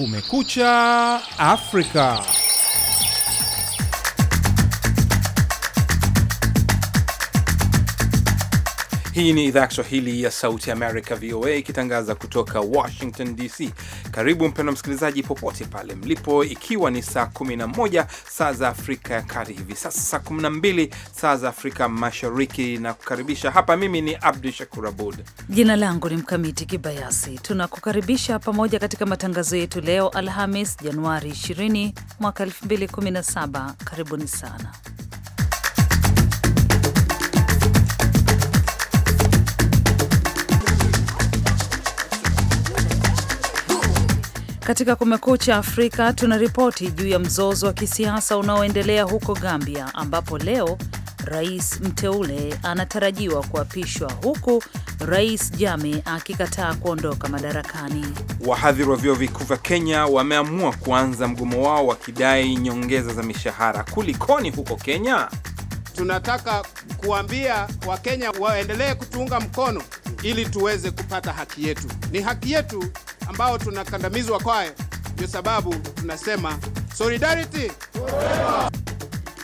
Kumekucha Afrika. Hii ni idhaa ya Kiswahili ya Sauti Amerika, VOA, ikitangaza kutoka Washington DC. Karibu mpendwa msikilizaji, popote pale mlipo, ikiwa ni saa 11 saa za Afrika ya Kati hivi sasa, saa 12 saa za Afrika Mashariki, na kukaribisha hapa. Mimi ni Abdu Shakur Abud, jina langu ni Mkamiti Kibayasi. Tunakukaribisha pamoja katika matangazo yetu leo Alhamis, Januari 20 mwaka 2017. Karibuni sana Katika Kumekucha Afrika tuna ripoti juu ya mzozo wa kisiasa unaoendelea huko Gambia, ambapo leo rais mteule anatarajiwa kuapishwa huku Rais Jame akikataa kuondoka madarakani. Wahadhiri wa vyuo vikuu vya Kenya wameamua kuanza mgomo wao wakidai nyongeza za mishahara. Kulikoni huko Kenya? Tunataka kuambia Wakenya waendelee kutuunga mkono ili tuweze kupata haki yetu. Ni haki yetu ambao tunakandamizwa kwaye, ndio sababu tunasema solidarity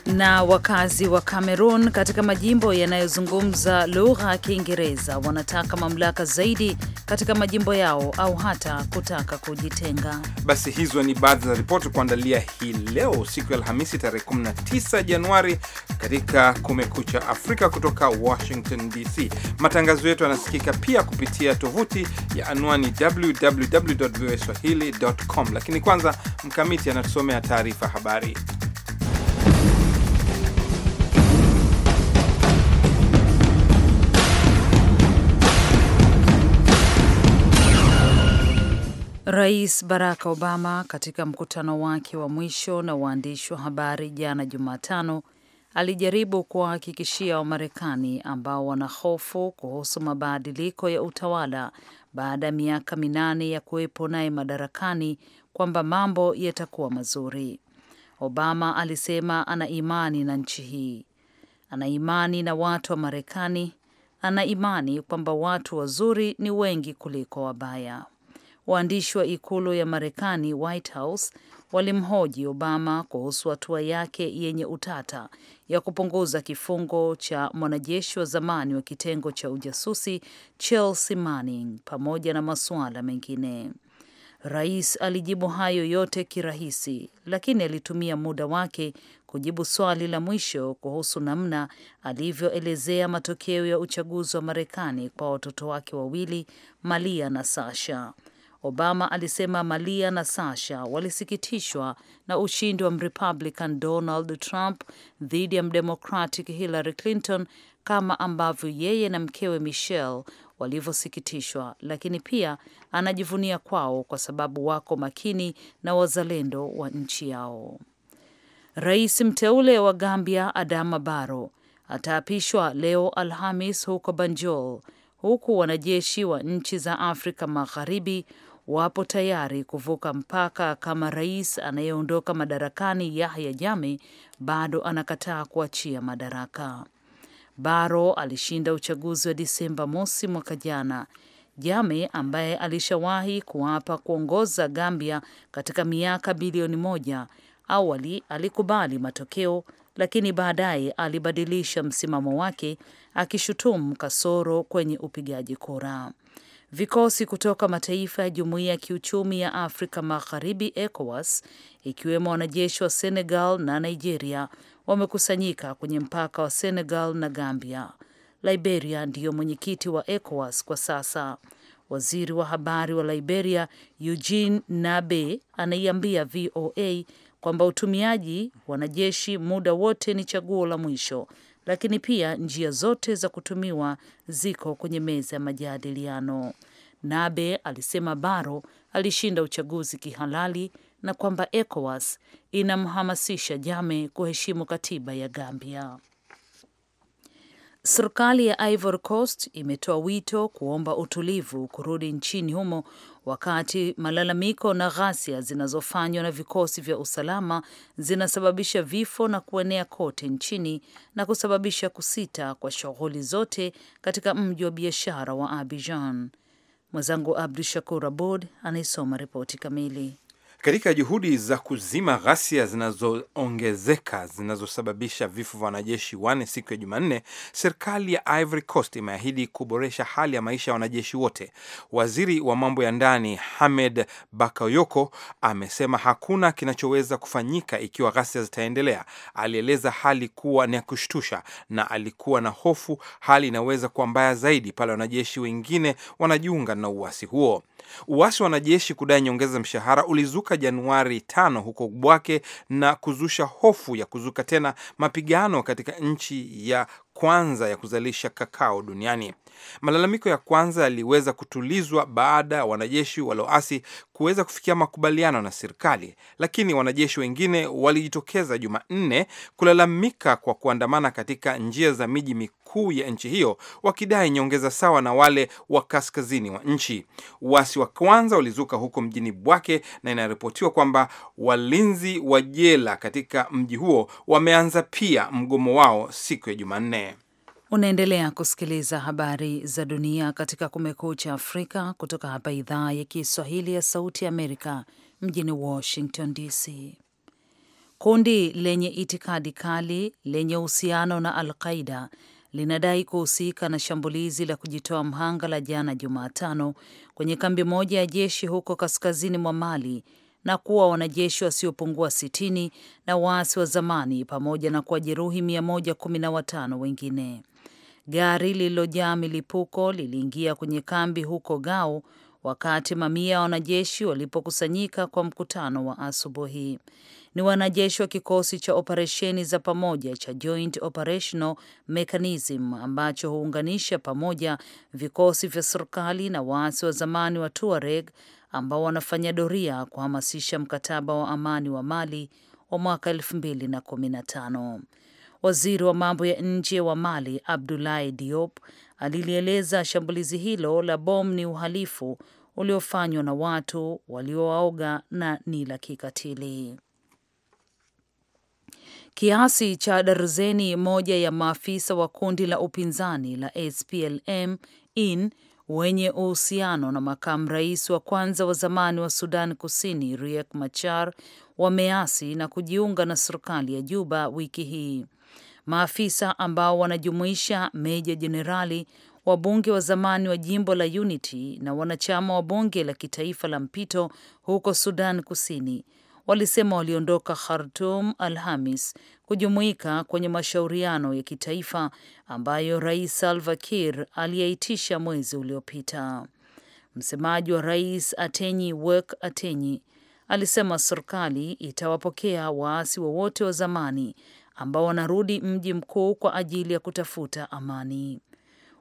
na wakazi wa Cameroon katika majimbo yanayozungumza lugha ya Kiingereza wanataka mamlaka zaidi katika majimbo yao au hata kutaka kujitenga. Basi hizo ni baadhi za ripoti kuandalia hii leo, siku ya Alhamisi tarehe 19 Januari, katika Kumekucha Afrika kutoka Washington DC. Matangazo yetu yanasikika pia kupitia tovuti ya anwani www lakini kwanza Mkamiti anatusomea taarifa habari. Rais Barack Obama katika mkutano wake wa mwisho na waandishi wa habari jana Jumatano alijaribu kuwahakikishia Wamarekani ambao wana hofu kuhusu mabadiliko ya utawala baada ya miaka minane ya kuwepo naye madarakani kwamba mambo yatakuwa mazuri. Obama alisema ana imani na nchi hii, ana imani na watu wa Marekani, ana imani kwamba watu wazuri ni wengi kuliko wabaya waandishi wa ikulu ya Marekani, White House, walimhoji Obama kuhusu hatua yake yenye utata ya kupunguza kifungo cha mwanajeshi wa zamani wa kitengo cha ujasusi Chelsea Manning pamoja na masuala mengine. Rais alijibu hayo yote kirahisi, lakini alitumia muda wake kujibu swali la mwisho kuhusu namna alivyoelezea matokeo ya uchaguzi wa Marekani kwa watoto wake wawili Malia na Sasha. Obama alisema Malia na Sasha walisikitishwa na ushindi wa Mrepublican Donald Trump dhidi ya Mdemocratic Hillary Clinton kama ambavyo yeye na mkewe Michelle walivyosikitishwa, lakini pia anajivunia kwao kwa sababu wako makini na wazalendo wa nchi yao. Rais mteule wa Gambia Adama Barrow ataapishwa leo Alhamis huko Banjul, huku wanajeshi wa nchi za Afrika Magharibi wapo tayari kuvuka mpaka kama rais anayeondoka madarakani Yahya Jammeh bado anakataa kuachia madaraka. baro alishinda uchaguzi wa Disemba mosi mwaka jana. Jame ambaye alishawahi kuapa kuongoza Gambia katika miaka bilioni moja, awali alikubali matokeo lakini baadaye alibadilisha msimamo wake akishutumu kasoro kwenye upigaji kura. Vikosi kutoka mataifa ya Jumuiya ya Kiuchumi ya Afrika Magharibi ECOWAS, ikiwemo wanajeshi wa Senegal na Nigeria wamekusanyika kwenye mpaka wa Senegal na Gambia. Liberia ndiyo mwenyekiti wa ECOWAS kwa sasa. Waziri wa habari wa Liberia Eugene Nabe anaiambia VOA kwamba utumiaji wanajeshi muda wote ni chaguo la mwisho lakini pia njia zote za kutumiwa ziko kwenye meza ya majadiliano. Nabe alisema Baro alishinda uchaguzi kihalali na kwamba ECOWAS inamhamasisha Jame kuheshimu katiba ya Gambia. Serikali ya Ivory Coast imetoa wito kuomba utulivu kurudi nchini humo wakati malalamiko na ghasia zinazofanywa na vikosi vya usalama zinasababisha vifo na kuenea kote nchini na kusababisha kusita kwa shughuli zote katika mji wa biashara wa Abidjan. Mwenzangu Abdu Shakur Abud anaisoma ripoti kamili. Katika juhudi za kuzima ghasia zinazoongezeka zinazosababisha vifo vya wanajeshi wane siku ya Jumanne, serikali ya Ivory Coast imeahidi kuboresha hali ya maisha ya wanajeshi wote. Waziri wa mambo ya ndani Hamed Bakayoko amesema hakuna kinachoweza kufanyika ikiwa ghasia zitaendelea. Alieleza hali kuwa ni ya kushtusha na alikuwa na hofu hali inaweza kuwa mbaya zaidi pale wanajeshi wengine wanajiunga na uasi huo. Uasi wa wanajeshi kudai nyongeza mshahara ulizuka Januari tano huko Bwake na kuzusha hofu ya kuzuka tena mapigano katika nchi ya kwanza ya kuzalisha kakao duniani. Malalamiko ya kwanza yaliweza kutulizwa baada ya wanajeshi walioasi kuweza kufikia makubaliano na serikali, lakini wanajeshi wengine walijitokeza Jumanne kulalamika kwa kuandamana katika njia za miji mikuu ya nchi hiyo wakidai nyongeza sawa na wale wa kaskazini wa nchi. Uasi wa kwanza ulizuka huko mjini Bwake na inaripotiwa kwamba walinzi wa jela katika mji huo wameanza pia mgomo wao siku ya Jumanne. Unaendelea kusikiliza habari za dunia katika Kumekucha Afrika kutoka hapa idhaa ya Kiswahili ya Sauti ya Amerika mjini Washington DC. Kundi lenye itikadi kali lenye uhusiano na Al Qaida linadai kuhusika na shambulizi la kujitoa mhanga la jana Jumatano kwenye kambi moja ya jeshi huko kaskazini mwa Mali na kuwa wanajeshi wasiopungua sitini na waasi wa zamani pamoja na kuwajeruhi mia moja kumi na watano wengine. Gari lililojaa milipuko liliingia kwenye kambi huko Gao wakati mamia ya wanajeshi walipokusanyika kwa mkutano wa asubuhi. Ni wanajeshi wa kikosi cha operesheni za pamoja cha Joint Operational Mechanism ambacho huunganisha pamoja vikosi vya serikali na waasi wa zamani wa Tuareg ambao wanafanya doria kuhamasisha mkataba wa amani wa Mali wa mwaka 2015. Waziri wa mambo ya nje wa Mali Abdoulaye Diop alilieleza shambulizi hilo la bomu ni uhalifu uliofanywa na watu waliowaoga na ni la kikatili. Kiasi cha darzeni moja ya maafisa wa kundi la upinzani la SPLM in wenye uhusiano na makamu rais wa kwanza wa zamani wa Sudan Kusini Riek Machar wameasi na kujiunga na serikali ya Juba wiki hii. Maafisa ambao wanajumuisha meja jenerali, wabunge wa zamani wa jimbo la Unity na wanachama wa bunge la kitaifa la mpito huko Sudan Kusini walisema waliondoka khartum Alhamis kujumuika kwenye mashauriano ya kitaifa ambayo Rais Salva Kiir aliyaitisha mwezi uliopita. Msemaji wa rais Atenyi Wek Atenyi alisema serikali itawapokea waasi wowote wa, wa zamani ambao wanarudi mji mkuu kwa ajili ya kutafuta amani.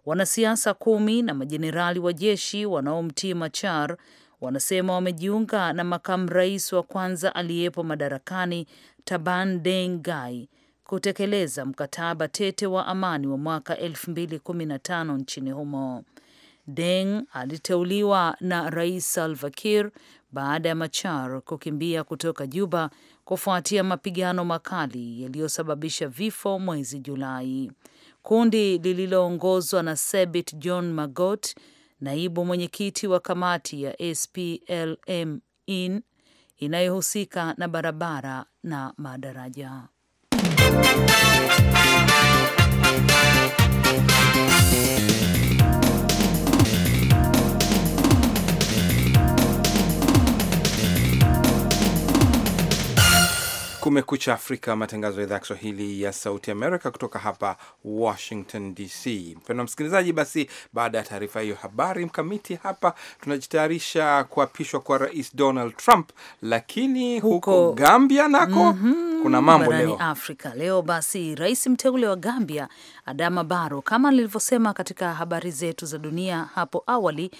Wanasiasa kumi na majenerali wa jeshi wanaomtii Machar wanasema wamejiunga na makamu rais wa kwanza aliyepo madarakani Taban Deng Gai kutekeleza mkataba tete wa amani wa mwaka 2015 nchini humo. Deng aliteuliwa na Rais Salva Kiir baada ya Machar kukimbia kutoka Juba kufuatia mapigano makali yaliyosababisha vifo mwezi Julai. Kundi lililoongozwa na Sebit John Magot, naibu mwenyekiti wa kamati ya SPLM in inayohusika na barabara na madaraja. Kumekucha Afrika, matangazo ya idhaa ya Kiswahili ya Sauti Amerika kutoka hapa Washington DC. Mpendwa msikilizaji, basi baada ya taarifa hiyo habari mkamiti, hapa tunajitayarisha kuapishwa kwa Rais Donald Trump, lakini huko, huko Gambia nako mm -hmm, kuna mambo leo Afrika leo. Basi rais mteule wa Gambia Adama Barrow, kama nilivyosema katika habari zetu za dunia hapo awali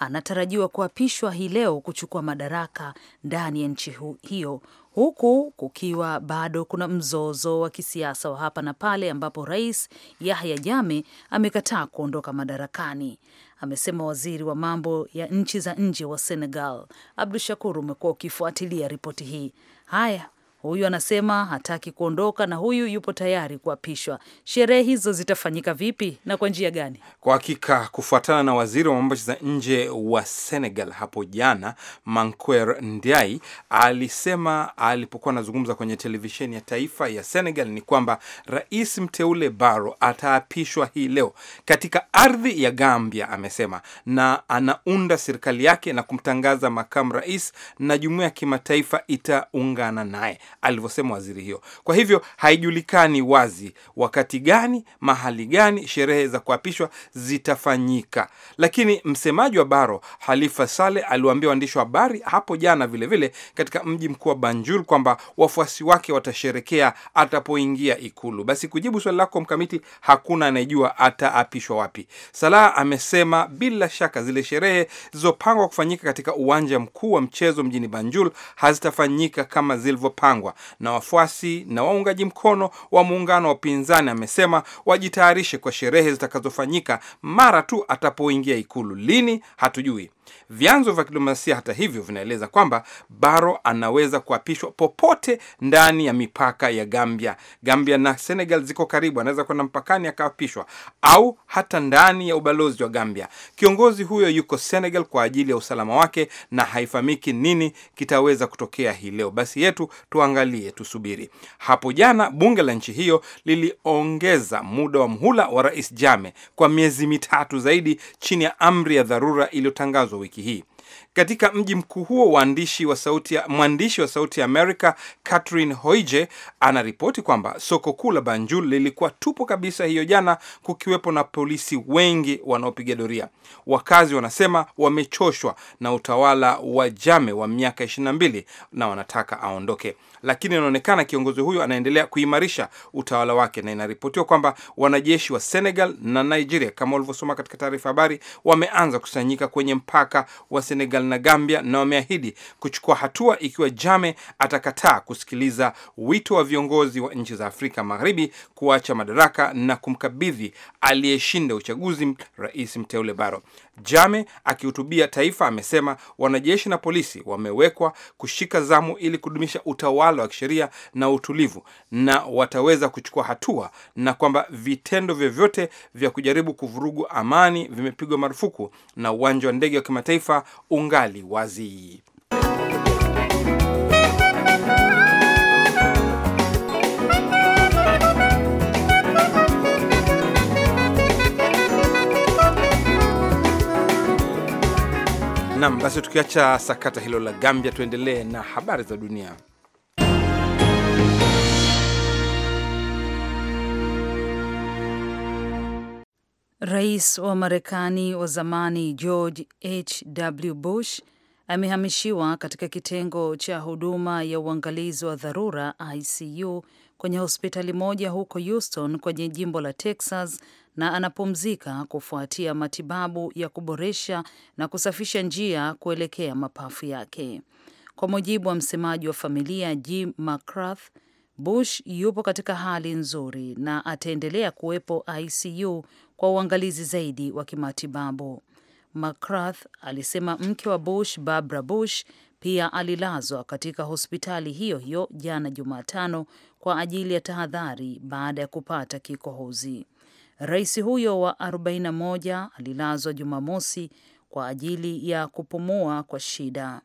anatarajiwa kuapishwa hii leo kuchukua madaraka ndani ya nchi hiyo huku kukiwa bado kuna mzozo wa kisiasa wa hapa na pale, ambapo rais Yahya jame amekataa kuondoka madarakani, amesema waziri wa mambo ya nchi za nje wa Senegal. Abdu Shakur, umekuwa ukifuatilia ripoti hii. Haya, Huyu anasema hataki kuondoka na huyu yupo tayari kuapishwa. Sherehe hizo zitafanyika vipi na kwa njia gani? Kwa hakika, kufuatana na waziri wa mambo za nje wa Senegal hapo jana, Mankwer Ndiaye alisema alipokuwa anazungumza kwenye televisheni ya taifa ya Senegal ni kwamba rais mteule Barrow ataapishwa hii leo katika ardhi ya Gambia, amesema, na anaunda serikali yake na kumtangaza makamu rais, na jumuiya ya kimataifa itaungana naye alivyosema waziri hiyo. Kwa hivyo haijulikani wazi wakati gani, mahali gani sherehe za kuapishwa zitafanyika, lakini msemaji wa Baro Halifa Sale aliwaambia waandishi wa habari hapo jana vilevile vile, katika mji mkuu wa Banjul kwamba wafuasi wake watasherekea atapoingia Ikulu. Basi kujibu swali lako Mkamiti, hakuna anayejua ataapishwa wapi. Salah amesema bila shaka zile sherehe zilizopangwa kufanyika katika uwanja mkuu wa mchezo mjini Banjul hazitafanyika kama zilivyopangwa yaliyopangwa na wafuasi na waungaji mkono wa muungano wa upinzani. Amesema wajitayarishe kwa sherehe zitakazofanyika mara tu atapoingia Ikulu. Lini hatujui. Vyanzo vya kidiplomasia hata hivyo vinaeleza kwamba Baro anaweza kuapishwa popote ndani ya mipaka ya Gambia. Gambia na Senegal ziko karibu, anaweza kwenda mpakani akaapishwa, au hata ndani ya ubalozi wa Gambia. Kiongozi huyo yuko Senegal kwa ajili ya usalama wake, na haifahamiki nini kitaweza kutokea hii leo. Basi yetu tuangalie, tusubiri. Hapo jana bunge la nchi hiyo liliongeza muda wa mhula wa Rais Jame kwa miezi mitatu zaidi chini ya amri ya dharura iliyotangazwa wiki hii. Katika mji mkuu huo, waandishi wa sauti ya mwandishi wa sauti ya Amerika Catherine Hoije anaripoti kwamba soko kuu la Banjul lilikuwa tupo kabisa hiyo jana, kukiwepo na polisi wengi wanaopiga doria. Wakazi wanasema wamechoshwa na utawala wa Jame wa miaka 22 na wanataka aondoke, lakini inaonekana kiongozi huyo anaendelea kuimarisha utawala wake, na inaripotiwa kwamba wanajeshi wa Senegal na Nigeria, kama ulivyosoma katika taarifa habari, wameanza kusanyika kwenye mpaka wa Senegal na Gambia na wameahidi kuchukua hatua ikiwa Jame atakataa kusikiliza wito wa viongozi wa nchi za Afrika Magharibi kuacha madaraka na kumkabidhi aliyeshinda uchaguzi rais mteule Baro. Jame akihutubia taifa amesema wanajeshi na polisi wamewekwa kushika zamu ili kudumisha utawala wa kisheria na utulivu, na wataweza kuchukua hatua, na kwamba vitendo vyovyote vya kujaribu kuvurugu amani vimepigwa marufuku na uwanja wa ndege wa kimataifa ungali wazi. Nam, basi tukiacha sakata hilo la Gambia, tuendelee na habari za dunia. Rais wa Marekani wa zamani George H.W. Bush amehamishiwa katika kitengo cha huduma ya uangalizi wa dharura ICU kwenye hospitali moja huko Houston kwenye jimbo la Texas na anapumzika kufuatia matibabu ya kuboresha na kusafisha njia kuelekea mapafu yake. Kwa mujibu wa msemaji wa familia Jim McCarthy, Bush yupo katika hali nzuri na ataendelea kuwepo ICU kwa uangalizi zaidi wa kimatibabu. McCrath alisema mke wa Bush, Barbara Bush, pia alilazwa katika hospitali hiyo hiyo jana Jumatano kwa ajili ya tahadhari baada ya kupata kikohozi. Rais huyo wa 41 alilazwa Jumamosi kwa ajili ya kupumua kwa shida.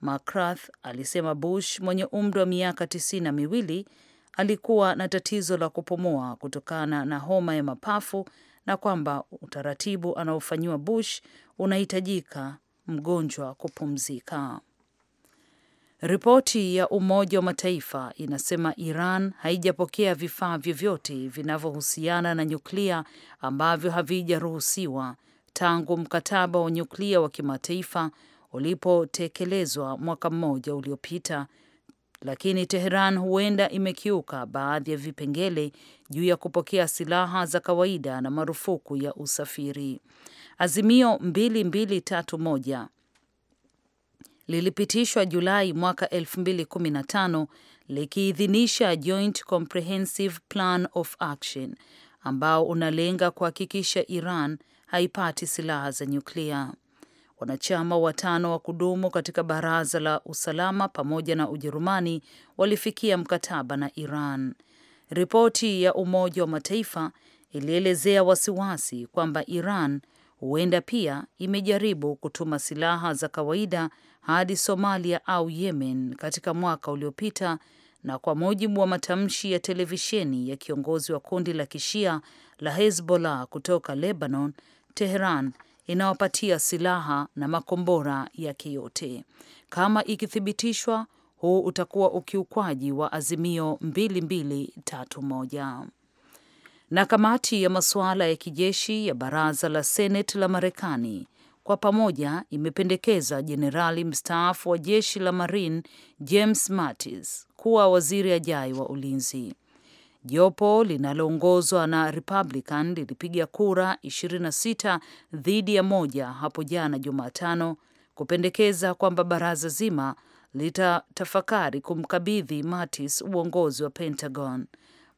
McCrath alisema Bush mwenye umri wa miaka tisini na miwili alikuwa na tatizo la kupumua kutokana na homa ya mapafu na kwamba utaratibu anaofanyiwa Bush unahitajika mgonjwa kupumzika. Ripoti ya Umoja wa Mataifa inasema Iran haijapokea vifaa vyovyote vinavyohusiana na nyuklia ambavyo havijaruhusiwa tangu mkataba wa nyuklia wa kimataifa ulipotekelezwa mwaka mmoja uliopita lakini Teheran huenda imekiuka baadhi ya vipengele juu ya kupokea silaha za kawaida na marufuku ya usafiri. Azimio 2231 lilipitishwa Julai mwaka 2015 likiidhinisha Joint Comprehensive Plan of Action ambao unalenga kuhakikisha Iran haipati silaha za nyuklia. Wanachama watano wa kudumu katika Baraza la Usalama pamoja na Ujerumani walifikia mkataba na Iran. Ripoti ya Umoja wa Mataifa ilielezea wasiwasi kwamba Iran huenda pia imejaribu kutuma silaha za kawaida hadi Somalia au Yemen katika mwaka uliopita, na kwa mujibu wa matamshi ya televisheni ya kiongozi wa kundi la kishia la Hezbollah kutoka Lebanon, teheran inawapatia silaha na makombora yake yote. Kama ikithibitishwa, huu utakuwa ukiukwaji wa azimio 2231. Na kamati ya masuala ya kijeshi ya baraza la Seneti la Marekani kwa pamoja imependekeza jenerali mstaafu wa jeshi la Marine James Mattis kuwa waziri ajai wa ulinzi. Jopo linaloongozwa na Republican lilipiga kura 26 dhidi ya moja hapo jana Jumatano kupendekeza kwamba baraza zima litatafakari kumkabidhi Mattis uongozi wa Pentagon.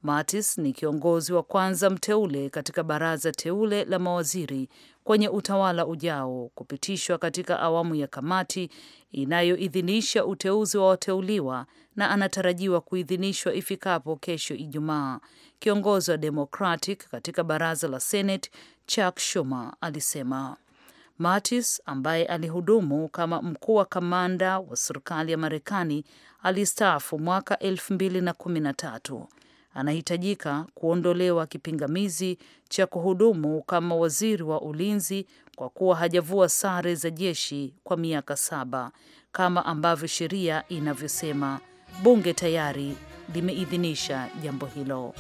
Mattis ni kiongozi wa kwanza mteule katika baraza teule la mawaziri kwenye utawala ujao kupitishwa katika awamu ya kamati inayoidhinisha uteuzi wa wateuliwa na anatarajiwa kuidhinishwa ifikapo kesho Ijumaa. Kiongozi wa Democratic katika baraza la Senate Chuck Schumer alisema Mattis ambaye alihudumu kama mkuu wa kamanda wa serikali ya Marekani alistaafu mwaka elfu mbili na kumi na tatu anahitajika kuondolewa kipingamizi cha kuhudumu kama waziri wa ulinzi kwa kuwa hajavua sare za jeshi kwa miaka saba kama ambavyo sheria inavyosema. Bunge tayari limeidhinisha jambo hilo.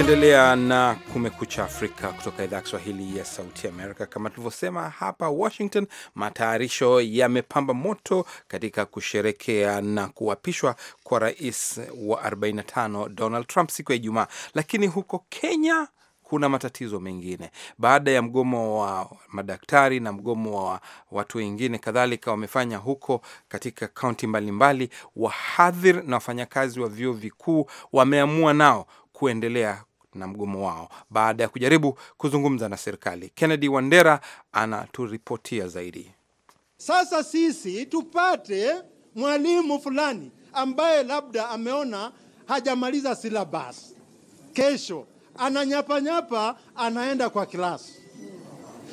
Ukiendelea na Kumekucha Afrika kutoka idhaa ya Kiswahili ya Sauti Amerika. Kama tulivyosema hapa Washington, matayarisho yamepamba moto katika kusherekea na kuapishwa kwa rais wa 45 Donald Trump siku ya Ijumaa, lakini huko Kenya kuna matatizo mengine baada ya mgomo wa madaktari na mgomo wa watu wengine kadhalika wamefanya huko katika kaunti mbalimbali. wahadhir na wafanyakazi wa vyuo vikuu wameamua nao kuendelea na mgomo wao baada ya kujaribu kuzungumza na serikali. Kennedy Wandera anaturipotia zaidi. Sasa sisi tupate mwalimu fulani ambaye labda ameona hajamaliza silabasi, kesho ananyapanyapa, anaenda kwa klasi.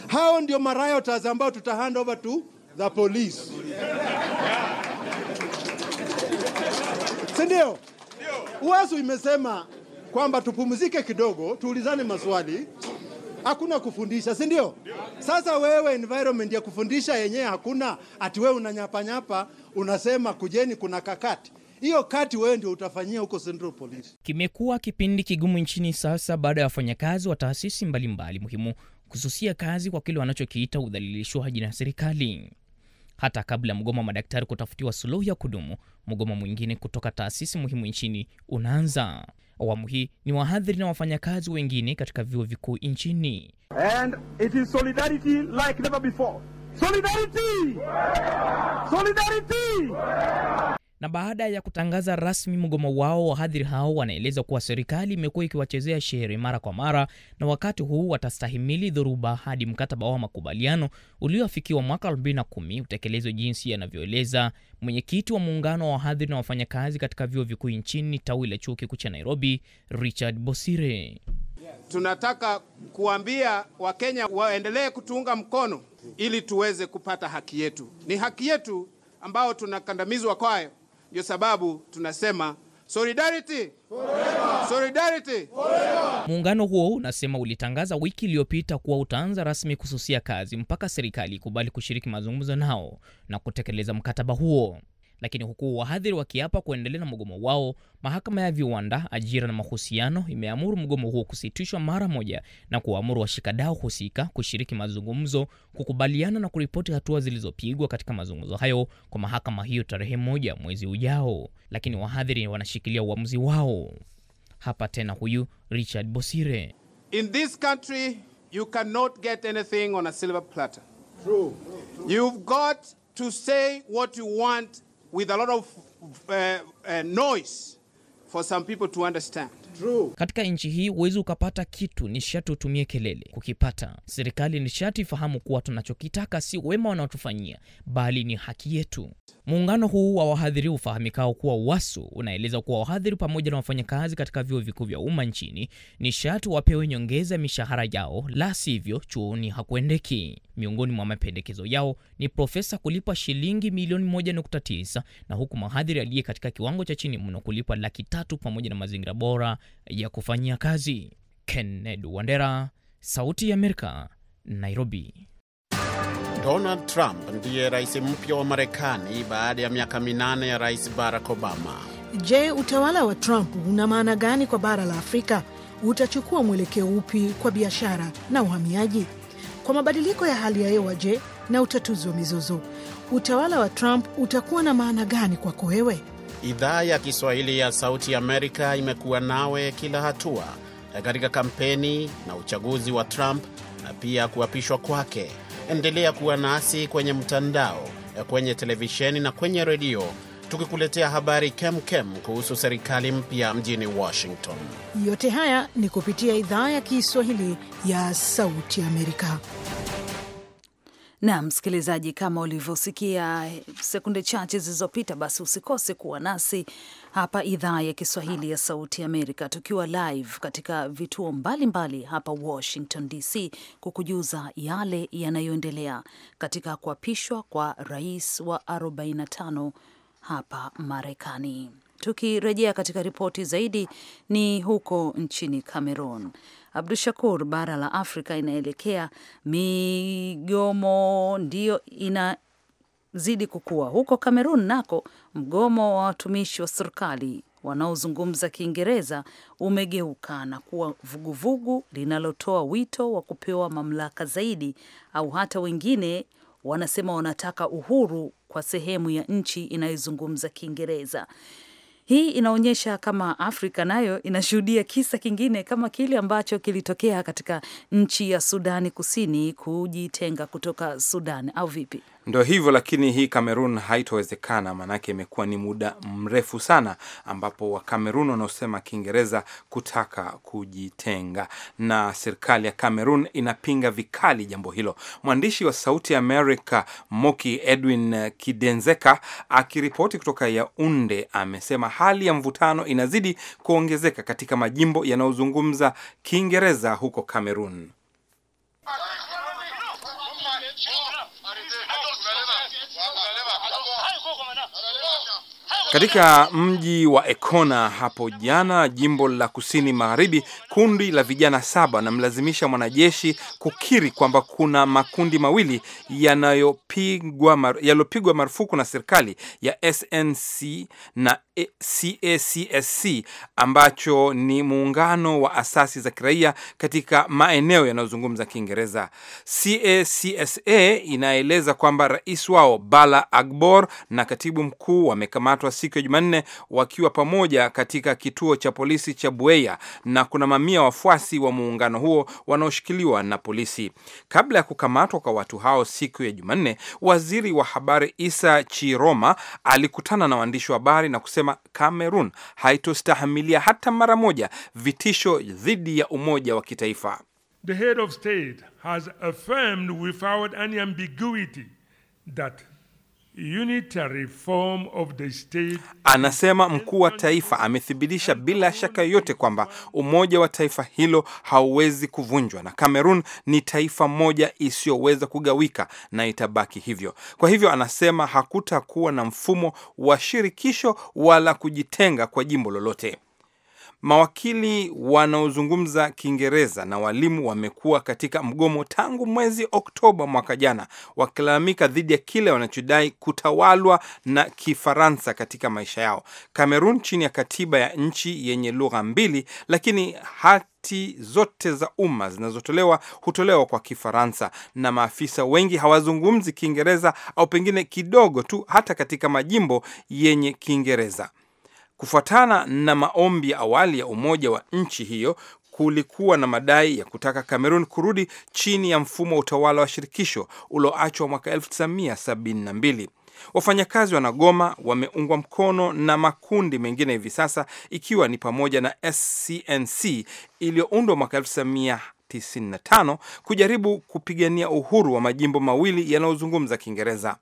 Hao ndio marayotas ambao tuta hand over to the police, si ndio? imesema kwamba tupumzike kidogo, tuulizane maswali. Hakuna kufundisha, si ndio? Sasa wewe environment ya kufundisha yenyewe hakuna, ati wewe unanyapanyapa unasema kujeni, kuna kakati hiyo kati wewe ndio utafanyia huko Central Police. Kimekuwa kipindi kigumu nchini sasa baada ya wafanyakazi wa taasisi mbalimbali muhimu kususia kazi kwa kile wanachokiita udhalilishwaji na serikali. Hata kabla mgomo wa madaktari kutafutiwa suluhu ya kudumu, mgomo mwingine kutoka taasisi muhimu nchini unaanza. Awamu hii ni wahadhiri na wafanyakazi wengine katika vyuo vikuu nchini. And it is solidarity like never before. Solidarity! Solidarity! Na baada ya kutangaza rasmi mgomo wao, wahadhiri hao wanaeleza kuwa serikali imekuwa ikiwachezea shere mara kwa mara, na wakati huu watastahimili dhoruba hadi mkataba wa makubaliano ulioafikiwa mwaka 2010 utekelezwe jinsi yanavyoeleza mwenyekiti wa muungano wa wahadhiri na wafanyakazi katika vyuo vikuu nchini, tawi la chuo kikuu cha Nairobi, Richard Bosire. Tunataka kuambia Wakenya waendelee kutuunga mkono ili tuweze kupata haki yetu. Ni haki yetu ambao tunakandamizwa kwayo ndio sababu tunasema Solidarity forever. Solidarity forever. Muungano huo unasema ulitangaza wiki iliyopita kuwa utaanza rasmi kususia kazi mpaka serikali ikubali kushiriki mazungumzo nao na kutekeleza mkataba huo. Lakini huku wahadhiri wakiapa kuendelea na mgomo wao, mahakama ya viwanda, ajira na mahusiano imeamuru mgomo huo kusitishwa mara moja na kuwaamuru washikadao husika kushiriki mazungumzo, kukubaliana na kuripoti hatua zilizopigwa katika mazungumzo hayo kwa mahakama hiyo tarehe moja mwezi ujao. Lakini wahadhiri wanashikilia uamuzi wao. Hapa tena huyu Richard Bosire. In this country you cannot get anything on a silver platter. True. You've got to say what you want with a lot of uh, uh, noise for some people to understand. True. Katika nchi hii huwezi ukapata kitu, ni sharti utumie kelele kukipata. Serikali ni sharti ifahamu kuwa tunachokitaka si wema wanaotufanyia, bali ni haki yetu. Muungano huu wa wahadhiri ufahamikao kuwa UWASU unaeleza kuwa wahadhiri pamoja na wafanyakazi katika vyuo vikuu vya umma nchini ni sharti wapewe nyongeza ya mishahara yao, la sivyo chuoni hakuendeki. Miongoni mwa mapendekezo yao ni profesa kulipwa shilingi milioni moja nukta tisa na huku mahadhiri aliye katika kiwango cha chini mno kulipwa laki tatu pamoja na mazingira bora ya kufanyia kazi. Kenneth Wandera, Sauti ya Amerika, Nairobi. Donald Trump ndiye rais mpya wa Marekani baada ya miaka minane ya Rais Barack Obama. Je, utawala wa Trump una maana gani kwa bara la Afrika? Utachukua mwelekeo upi kwa biashara na uhamiaji, kwa mabadiliko ya hali ya hewa? Je, na utatuzi wa mizozo, utawala wa Trump utakuwa na maana gani kwako wewe? Idhaa ya Kiswahili ya Sauti Amerika imekuwa nawe kila hatua katika kampeni na uchaguzi wa Trump na pia kuapishwa kwake. Endelea kuwa nasi kwenye mtandao, kwenye televisheni na kwenye redio tukikuletea habari kemkem kuhusu serikali mpya mjini Washington. Yote haya ni kupitia idhaa ya Kiswahili ya Sauti Amerika. Na msikilizaji, kama ulivyosikia eh, sekunde chache zilizopita, basi usikose kuwa nasi hapa idhaa ya Kiswahili ya Sauti Amerika, tukiwa live katika vituo mbalimbali mbali hapa Washington DC, kukujuza yale yanayoendelea katika kuapishwa kwa rais wa 45 hapa Marekani. Tukirejea katika ripoti zaidi, ni huko nchini Cameroon Abdu Shakur, bara la Afrika inaelekea migomo ndiyo ina zidi kukua. Huko Kamerun nako mgomo wa watumishi wa serikali wanaozungumza Kiingereza umegeuka na kuwa vuguvugu linalotoa wito wa kupewa mamlaka zaidi, au hata wengine wanasema wanataka uhuru kwa sehemu ya nchi inayozungumza Kiingereza. Hii inaonyesha kama Afrika nayo inashuhudia kisa kingine kama kile ambacho kilitokea katika nchi ya Sudani Kusini kujitenga kutoka Sudan, au vipi? Ndo hivyo lakini, hii Kamerun haitowezekana, maanake imekuwa ni muda mrefu sana ambapo Wakamerun wanaosema Kiingereza kutaka kujitenga, na serikali ya Kamerun inapinga vikali jambo hilo. Mwandishi wa Sauti ya Amerika Moki Edwin Kidenzeka akiripoti kutoka Yaunde amesema hali ya mvutano inazidi kuongezeka katika majimbo yanayozungumza Kiingereza huko Kamerun. Katika mji wa Ekona hapo jana, jimbo la kusini magharibi, kundi la vijana saba wanamlazimisha mwanajeshi kukiri kwamba kuna makundi mawili yanayopigwa mar, yaliyopigwa marufuku na serikali ya SNC na CACSC ambacho ni muungano wa asasi za kiraia katika maeneo yanayozungumza Kiingereza. CACSA inaeleza kwamba rais wao Bala Agbor na katibu mkuu wamekamatwa siku ya Jumanne wakiwa pamoja katika kituo cha polisi cha Buea, na kuna mamia wafuasi wa muungano huo wanaoshikiliwa na polisi. Kabla ya kukamatwa kwa watu hao siku ya Jumanne, waziri wa habari Isa Chiroma alikutana na waandishi wa habari na kusema anasema Cameroon haitostahimilia hata mara moja vitisho dhidi ya umoja wa kitaifa. The head of state has affirmed without any ambiguity that unitary form of the state. Anasema mkuu wa taifa amethibitisha bila shaka yoyote kwamba umoja wa taifa hilo hauwezi kuvunjwa, na cameron ni taifa moja isiyoweza kugawika na itabaki hivyo. Kwa hivyo, anasema hakutakuwa na mfumo wa shirikisho wala kujitenga kwa jimbo lolote. Mawakili wanaozungumza Kiingereza na walimu wamekuwa katika mgomo tangu mwezi Oktoba mwaka jana, wakilalamika dhidi ya kile wanachodai kutawalwa na Kifaransa katika maisha yao. Kamerun chini ya katiba ya nchi yenye lugha mbili, lakini hati zote za umma zinazotolewa hutolewa kwa Kifaransa na maafisa wengi hawazungumzi Kiingereza au pengine kidogo tu, hata katika majimbo yenye Kiingereza. Kufuatana na maombi ya awali ya umoja wa nchi hiyo, kulikuwa na madai ya kutaka Kamerun kurudi chini ya mfumo wa utawala wa shirikisho ulioachwa mwaka 1972. Wafanyakazi wanagoma wameungwa mkono na makundi mengine hivi sasa, ikiwa ni pamoja na SCNC iliyoundwa mwaka 1995 kujaribu kupigania uhuru wa majimbo mawili yanayozungumza Kiingereza.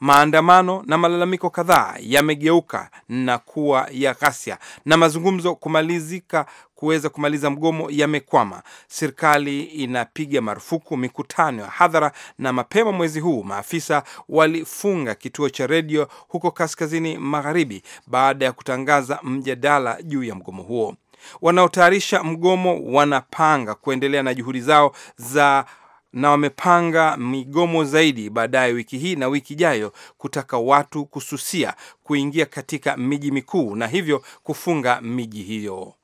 Maandamano na malalamiko kadhaa yamegeuka na kuwa ya ghasia na mazungumzo kumalizika kuweza kumaliza mgomo yamekwama. Serikali inapiga marufuku mikutano ya hadhara, na mapema mwezi huu maafisa walifunga kituo cha redio huko kaskazini magharibi baada ya kutangaza mjadala juu ya mgomo huo. Wanaotayarisha mgomo wanapanga kuendelea na juhudi zao za na wamepanga migomo zaidi baadaye wiki hii na wiki ijayo kutaka watu kususia kuingia katika miji mikuu na hivyo kufunga miji hiyo.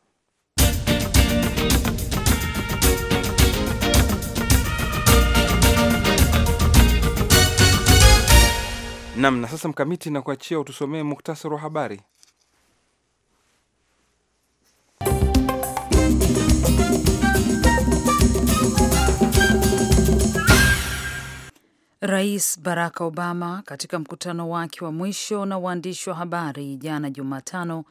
Namna sasa, Mkamiti, na kuachia utusomee muktasari wa habari. Rais Barack Obama katika mkutano wake wa mwisho na waandishi wa habari jana Jumatano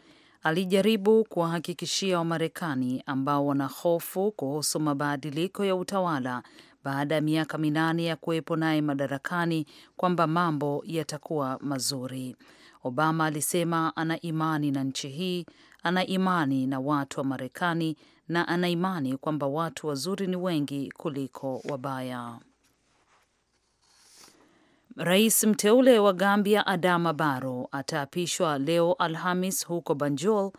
alijaribu kuwahakikishia Wamarekani ambao wana hofu kuhusu mabadiliko ya utawala baada ya miaka minane ya kuwepo naye madarakani kwamba mambo yatakuwa mazuri. Obama alisema ana imani na nchi hii, ana imani na watu wa Marekani na ana imani kwamba watu wazuri ni wengi kuliko wabaya. Rais mteule wa Gambia Adama Barrow ataapishwa leo Alhamis huko Banjul,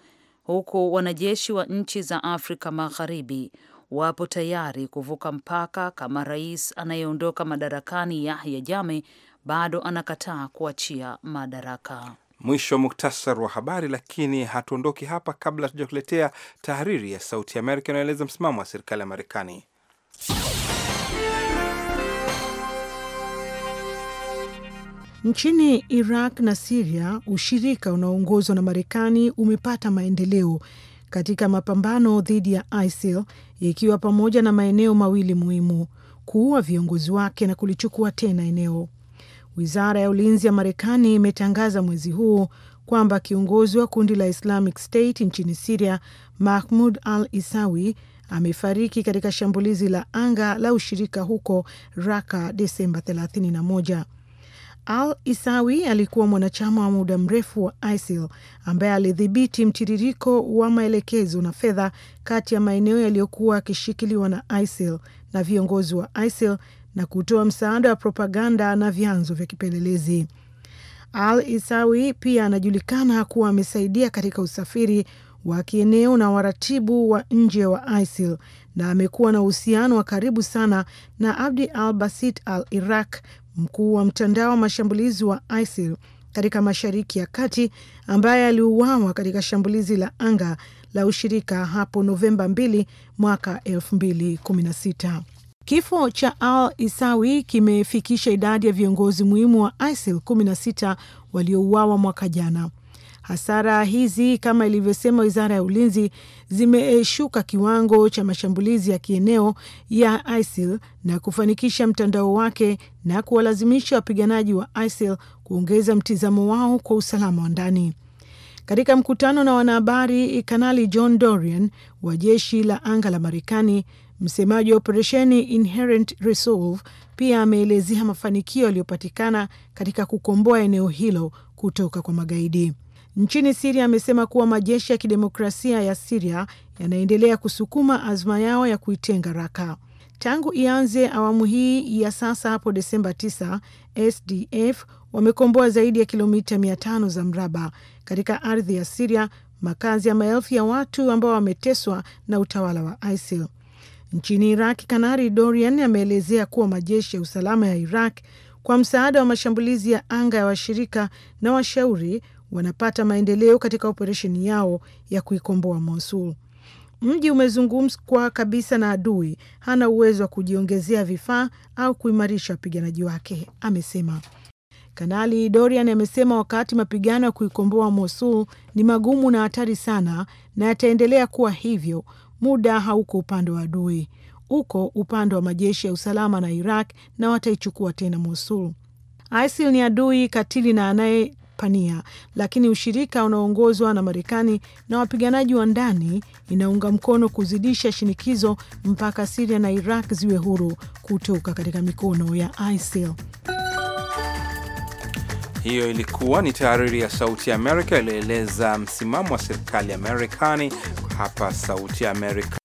huku wanajeshi wa nchi za Afrika Magharibi wapo tayari kuvuka mpaka kama rais anayeondoka madarakani Yahya Jammeh bado anakataa kuachia madaraka. Mwisho muktasar wa habari, lakini hatuondoki hapa kabla hatujakuletea tahariri ya Sauti ya Amerika inayoeleza msimamo wa serikali ya Marekani. Nchini Iraq na Siria, ushirika unaoongozwa na Marekani umepata maendeleo katika mapambano dhidi ya ISIL ikiwa pamoja na maeneo mawili muhimu: kuua viongozi wake na kulichukua tena eneo. Wizara ya ulinzi ya Marekani imetangaza mwezi huu kwamba kiongozi wa kundi la Islamic State nchini Siria, Mahmud al Isawi, amefariki katika shambulizi la anga la ushirika huko Raka Desemba 31. Al Isawi alikuwa mwanachama wa muda mrefu wa ISIL ambaye alidhibiti mtiririko wa maelekezo na fedha kati ya maeneo yaliyokuwa yakishikiliwa na ISIL na viongozi wa ISIL na kutoa msaada wa propaganda na vyanzo vya kipelelezi. Al Isawi pia anajulikana kuwa amesaidia katika usafiri wa kieneo na waratibu wa nje wa ISIL na amekuwa na uhusiano wa karibu sana na Abdi al Basit al Iraq, mkuu wa mtandao wa mashambulizi wa ISIL katika Mashariki ya Kati ambaye aliuawa katika shambulizi la anga la ushirika hapo Novemba 2 mwaka 2016. Kifo cha Al Isawi kimefikisha idadi ya viongozi muhimu wa ISIL 16 waliouawa mwaka jana. Hasara hizi kama ilivyosema wizara ya ulinzi zimeshuka kiwango cha mashambulizi ya kieneo ya ISIL na kufanikisha mtandao wake na kuwalazimisha wapiganaji wa ISIL kuongeza mtizamo wao kwa usalama wa ndani. Katika mkutano na wanahabari, Kanali John Dorian wa jeshi la anga la Marekani, msemaji wa operesheni Inherent Resolve, pia ameelezea mafanikio yaliyopatikana katika kukomboa eneo hilo kutoka kwa magaidi nchini Siria amesema kuwa majeshi ya kidemokrasia ya Siria yanaendelea kusukuma azma yao ya kuitenga Raka tangu ianze awamu hii ya sasa hapo Desemba 9. SDF wamekomboa zaidi ya kilomita 500 za mraba katika ardhi ya Siria, makazi ya maelfu ya watu ambao wameteswa na utawala wa ISIL. Nchini Iraq, Kanari Dorian ameelezea kuwa majeshi ya usalama ya Iraq kwa msaada wa mashambulizi ya anga ya washirika na washauri wanapata maendeleo katika operesheni yao ya kuikomboa Mosul. Mji umezungukwa kabisa na adui, hana uwezo wa kujiongezea vifaa au kuimarisha wapiganaji wake, amesema. Kanali Dorian amesema wakati mapigano ya kuikomboa Mosul ni magumu na hatari sana, na yataendelea kuwa hivyo, muda hauko upande wa adui, uko upande wa majeshi ya usalama na Iraq, na wataichukua tena Mosul. ISIL ni adui katili na anaye pania, lakini ushirika unaoongozwa na Marekani na wapiganaji wa ndani inaunga mkono kuzidisha shinikizo mpaka Siria na Iraq ziwe huru kutoka katika mikono ya ISIL. Hiyo ilikuwa ni tahariri ya Sauti ya Amerika iliyoeleza msimamo wa serikali ya Marekani. Hapa Sauti ya Amerika.